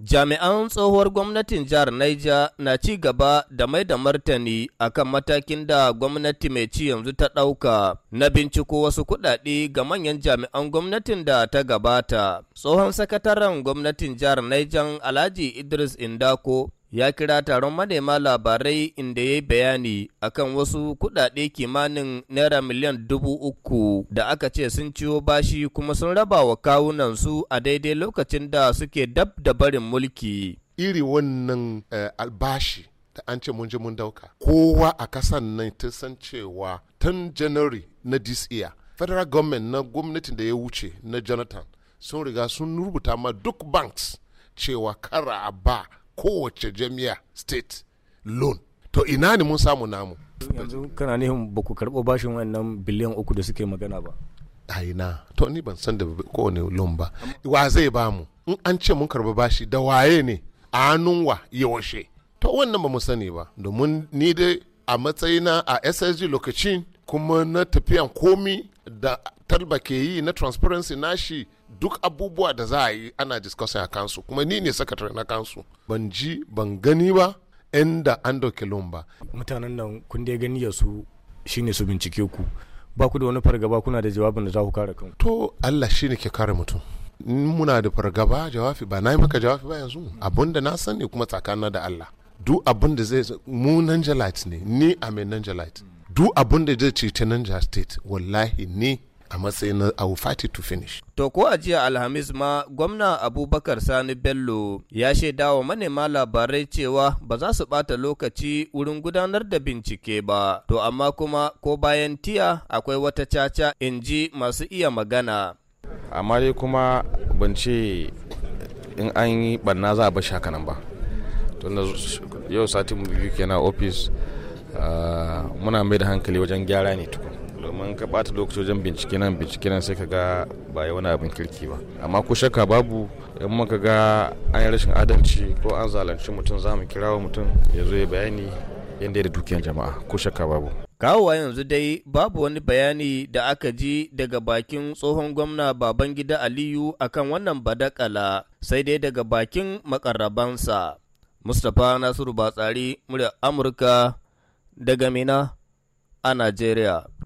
Jami'an tsohuwar gwamnatin jihar Niger na ci gaba da mai da martani akan matakin da gwamnati mai ci yanzu ta ɗauka na binciko wasu kuɗaɗe ga manyan jami'an gwamnatin da ta gabata. Tsohon sakataren gwamnatin jihar Niger Alhaji Idris Indako ya kira taron manema labarai inda ya yi bayani akan wasu kuɗaɗe kimanin naira miliyan dubu uku da aka ce sun ciwo bashi kuma sun raba wa kawunan su a daidai lokacin da suke dab da barin mulki. Iri wannan eh, albashi da an ce mun je mun dauka. Kowa a kasan nan ta san cewa tun January na this year, federal government na gwamnatin da ya wuce na Jonathan sun riga sun rubuta ma duk banks cewa kara a ba kowace jami'a state loan to ina ne mun samu namu yanzu kana nihin ba ku karɓo bashin wannan biliyan uku da suke magana ba a ina to ni ban san da kowane loan ba wa zai ba mu in an ce mun karɓi bashi da waye ne a hannun wa yaushe to wannan ba mu sani ba domin ni dai a matsayina a ssg lokacin kuma na tafiyan komi da talba ke yi na transparency na shi duk abubuwa da za a yi ana discussing a kansu kuma ni ne sakatare na kansu ban ji ban gani ba yan da an dauke loan ba mutanen nan kun dai gani ya su shine su bincike ku ba ku da wani fargaba kuna da jawabin da za ku kare kanku to Allah shine ke kare mutum muna da fargaba jawabi ba na yi maka jawabi ba yanzu abun da na sani kuma tsakanin da Allah du abun da zai mu nan ne ni a mai nan du abun da zai cece nan state wallahi ni matsayin fati to finish. To ko a jiya Alhamis ma gwamna Abubakar Sani Bello ya shaida wa manema labarai cewa ba za su bata lokaci wurin gudanar da bincike ba, to amma kuma ko bayan tiya akwai wata caca in ji masu iya magana. Amma dai kuma ban ce in an yi barna za a bar shakanan ba. Tunda yau satin biyu kenan ofis ah, muna mai da hankali wajen gyara ne tukun. mun ka bata lokaci wajen bincike nan bincike nan sai ka ga ba yi wani abin kirki ba amma ko shakka babu in muka ga an yi rashin adalci ko an zalunci mutum za mu wa mutum ya zo ya bayani yadda da dukiyar jama'a ko shakka babu kawowa yanzu dai babu wani bayani da aka ji daga bakin tsohon gwamna babangida aliyu akan wannan badakala sai dai daga bakin makarrabansa mustapha nasiru batsari murya amurka daga mina a najeriya